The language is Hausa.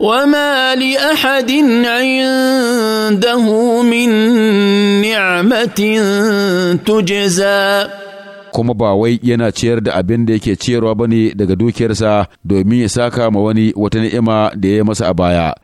وما لاحد عنده من نعمه تجزى kuma ba wai yana ciyar da abin da yake ciyarwa bane daga dukiyarsa domin ya saka ma wani wata ni'ima da ya masa a baya